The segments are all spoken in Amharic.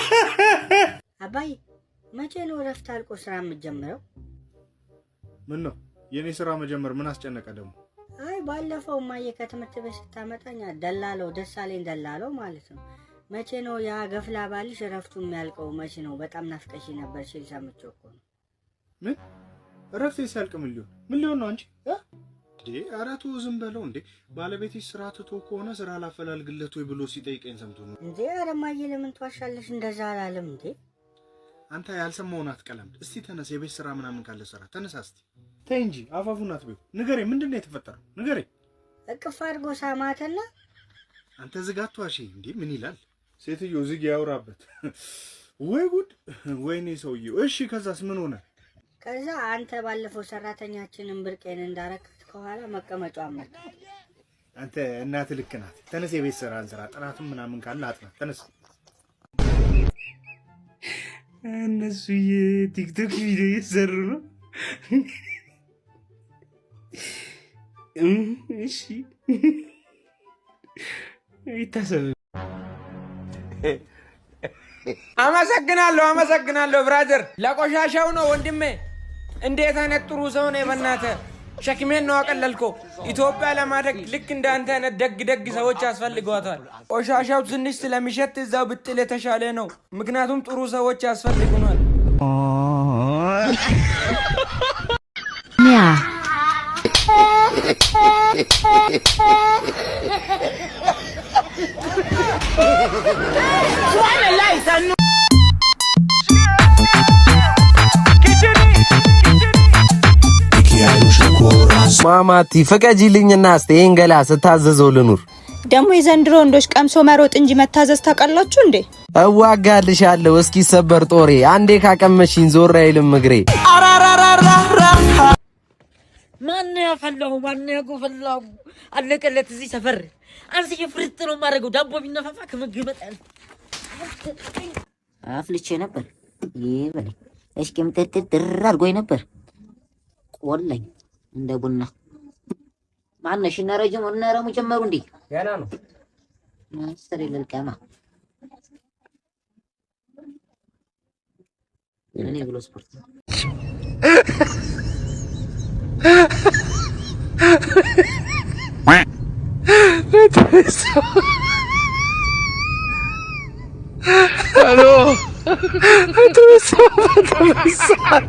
አባይ መቼ ነው እረፍት አልቆ ስራ የምትጀምረው? ምን ነው የእኔ ስራ መጀመር ምን አስጨነቀ ደግሞ? አይ ባለፈው ማየ ከትምህርት ቤት ስታመጣኝ ደላለው ደሳለኝ ደላለው ማለት ነው። መቼ ነው ያ ገፍላ ባልሽ እረፍቱ የሚያልቀው መቼ ነው? በጣም ናፍቀሽ ነበር ሲል ሰምቼ እኮ ነው። ምን እረፍት ሲያልቅ ምን ሊሆን ምን ሊሆን ነው አንቺ ኧረ ተው ዝም በለው እንዴ! ባለቤትሽ ስራ ትቶ ከሆነ ስራ ላፈላልግለት ወይ ብሎ ሲጠይቀኝ ሰምቶ ነው እንዴ? ኧረ እማዬ ለምን ትዋሻለሽ? እንደዛ አላለም እንዴ? አንተ ያልሰማውን አትቀለምድ። እስቲ ተነስ፣ የቤት ስራ ምናምን ካለ ስራ ተነሳ። እስቲ ተይ እንጂ አፋፉን አትበይው። ንገሬ፣ ምንድን ነው የተፈጠረው? ንገሬ። እቅፍ አድርጎ ሳማተና አንተ ዝጋቷ ሺ እንዴ! ምን ይላል ሴትዮ? ዝግ ያውራበት ወይ ጉድ! ወይኔ ሰውዬው። እሺ ከዛስ ምን ሆነ? ከዛ አንተ ባለፈው ሰራተኛችንን ብርቄን እንዳረክ ከኋላ መቀመጫ አመጣ። አንተ እናት ልክ ናት። ተነስ፣ የቤት ስራ እንስራ፣ ጥናቱን ምናምን ካለ አጥና። ተነስ። እነሱ የቲክቶክ ቪዲዮ እየሰሩ ነው። እሺ ይታሰብ። አመሰግናለሁ፣ አመሰግናለሁ ብራዘር። ለቆሻሻው ነው ወንድሜ። እንዴት አይነት ጥሩ ሰው ነው! በእናትህ ሸክሜን ነው አቀለልኮ። ኢትዮጵያ ለማድረግ ልክ እንዳንተ አይነት ደግ ደግ ሰዎች ያስፈልጓታል። ቆሻሻው ትንሽ ስለሚሸት እዛው ብጥል የተሻለ ነው። ምክንያቱም ጥሩ ሰዎች ያስፈልጉናል። ማማቲ ፍቀጂልኝና እስቲ ይህን ገላ ስታዘዘው ልኑር። ደግሞ የዘንድሮ ወንዶች ቀምሶ መሮጥ እንጂ መታዘዝ ታውቃላችሁ እንዴ? እዋጋልሻለሁ እስኪ ሰበር ጦሬ አንዴ ካቀመሽኝ ዞር አይልም እግሬ። ማን ያፈላሁ ማን ያጎፈላሁ አለቀለት። እዚህ ሰፈር አንስ ፍርጥ ነው የማደርገው። ዳቦ ቢነፋፋ ከምግብ መጣል አፍልቼ ነበር። ይህ በላይ እሽቅምጥጥ ድር አድርጎኝ ነበር ቆለኝ እንደ ቡና ማነሽና ረጅም እና ረሙ ጀመሩ እንዴ? ገና ነው ማስተር ይልል ከማ እኔ ብሎ ስፖርት Alô? Eu tô me salvando, mensagem.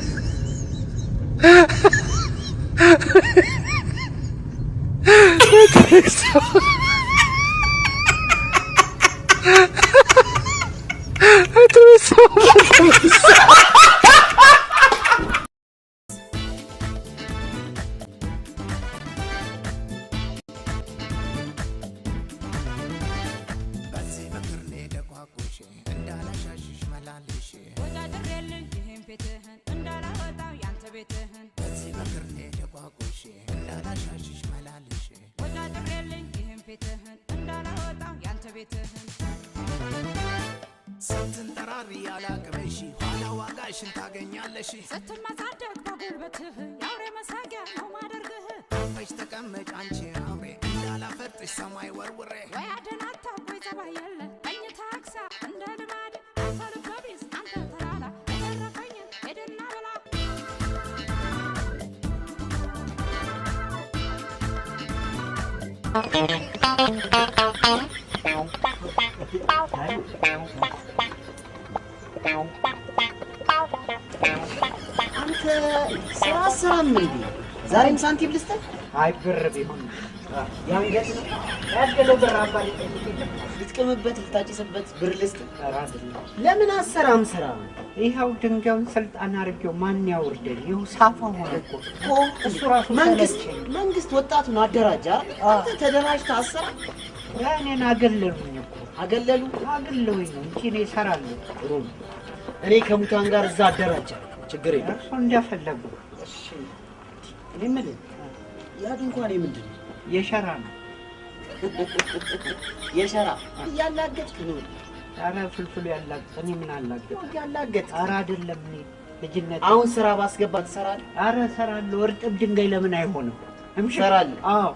ማድረግ ሰው ቤትህን በዚህ ምክር ሄደ እንዳላሻሽሽ ቤትህን እንዳላወጣው ያንተ ቤትህን ስትንጠራሪ ያላቅበሽ ኋላ ዋጋሽን ታገኛለሽ ስትመጻደቅ በጉልበትህ የአውሬ መሳጊያ ነው ማለት አንተ ስራ ስራ ምን ዛሬም ሳንቲም ልስጥህ? አይ ብር ቢሆን ያንገት ነው ያገለው ብር አባ ልታጭስበት ብር ልስጥ። ለምን አሰራም ስራ ይኸው ድንጋዩን ስልጣን አድርጌው ማን ያውርደል? ይኸው ሳፋ ሆነ እኮ እሱ ራሱ መንግስት መንግስት ወጣቱን አደራጃ ተደራጅ ታሰራ ያኔን አገለሉኝ እኮ አገለሉ አገለሉኝ ነው እንጂ እኔ እሰራለሁ። ጥሩ እኔ ከሙታን ጋር እዛ አደራጃ ችግር የለም። እሱ እሺ። እኔ የምልህ ያ ድንኳን ነው? የሸራ ነው። የሸራ እያላገጥክ ነው። ኧረ ፍልፍሉ ያላገጥ እኔ ምን አላገጥ ያላገጥ ኧረ አይደለም። እኔ ልጅነት አሁን ስራ ባስገባ ትሰራለህ? ኧረ እሰራለሁ። እርጥብ ድንጋይ ለምን አይሆንም? እምሽራል አዎ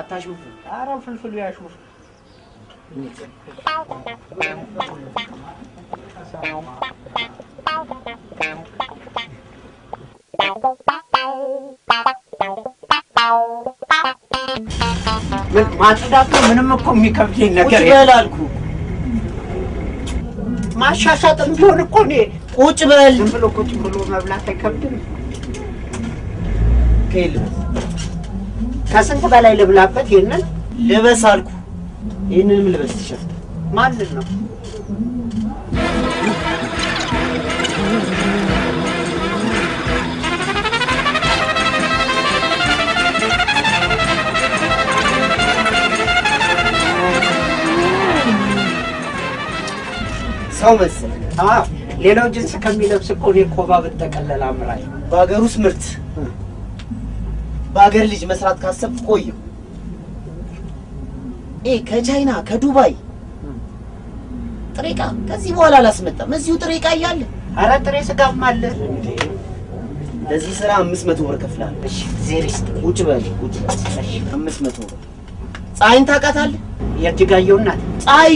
አታሹፉ። ኧረ ፍልፍሉ ያሹፍ Bye. ማጽዳቱ ምንም እኮ የሚከብደኝ ነገር ይላልኩ ማሻሻጥም ቢሆን እኮ እኔ ቁጭ በል ዝም ብሎ ቁጭ ብሎ መብላት አይከብድም። ከስንት በላይ ልብላበት? ይህንን ልበስ አልኩ። ይሄንንም ልበስ ትሸፍት ማንን ነው ሰው መስል ሌላው ጅንስ ከሚለብስ እኮ እኔ ኮባ ብጠቀለል አምራል። በሀገር ውስጥ ምርት በሀገር ልጅ መስራት ካሰብ ቆየው ይሄ ከቻይና ከዱባይ ጥሬ ዕቃ ከዚህ በኋላ አላስመጣም። እዚሁ ጥሬ ዕቃ እያለ አራት ጥሬ ስጋም አለ። ለዚህ ስራ አምስት መቶ ብር እከፍልሃለሁ። እሺ በል በል። አምስት መቶ ብር ፀሐይን ታውቃታለህ? የእጅጋየሁ እናት ፀሐይ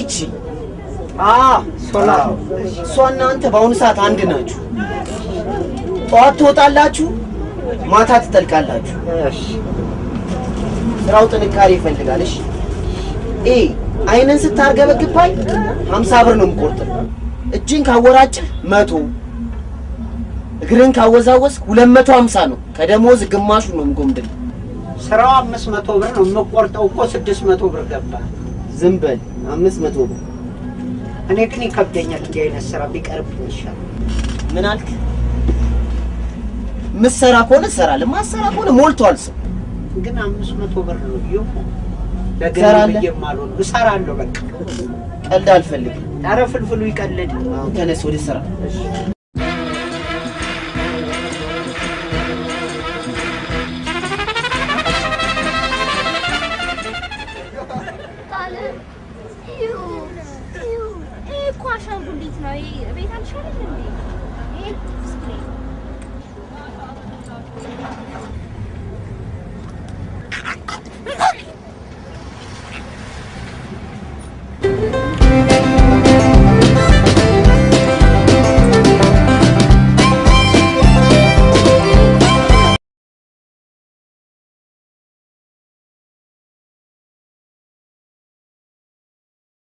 እሷ እናንተ በአሁኑ ሰዓት አንድ ናችሁ። ጠዋት ትወጣላችሁ፣ ማታ ትጠልቃላችሁ። ስራው ጥንካሬ ይፈልጋል። እሺ ኤ አይነን ስታርገበግባኝ ሀምሳ ብር ነው የምቆርጥ። እጅን ካወራጭህ መቶ እግርን ካወዛወዝ ሁለት መቶ ሀምሳ ነው። ከደሞዝ ግማሹ ነው የምጎምድል። ስራው አምስት መቶ ብር ነው የምቆርጠው እኮ ስድስት መቶ ብር ገባ። ዝም በል አምስት መቶ ብር እኔ ግን ይከብደኛል። እንዲህ አይነት ስራ ቢቀርብኝ ይሻላል። ምን አልክ? ምሰራ ከሆነ እሰራለሁ፣ ማሰራ ከሆነ ሞልቷል። ሰው ግን አምስት መቶ ብር ነው ይሁ ለገራለ የማልሆን እሰራለሁ። በቃ ቀልድ አልፈልግም። ኧረ ፍልፍሉ ይቀልድ። ተነስ ወደ ስራ እኮ አሻንጉሊት ነው። ቤት አልሻለች እንዴ? ይሄ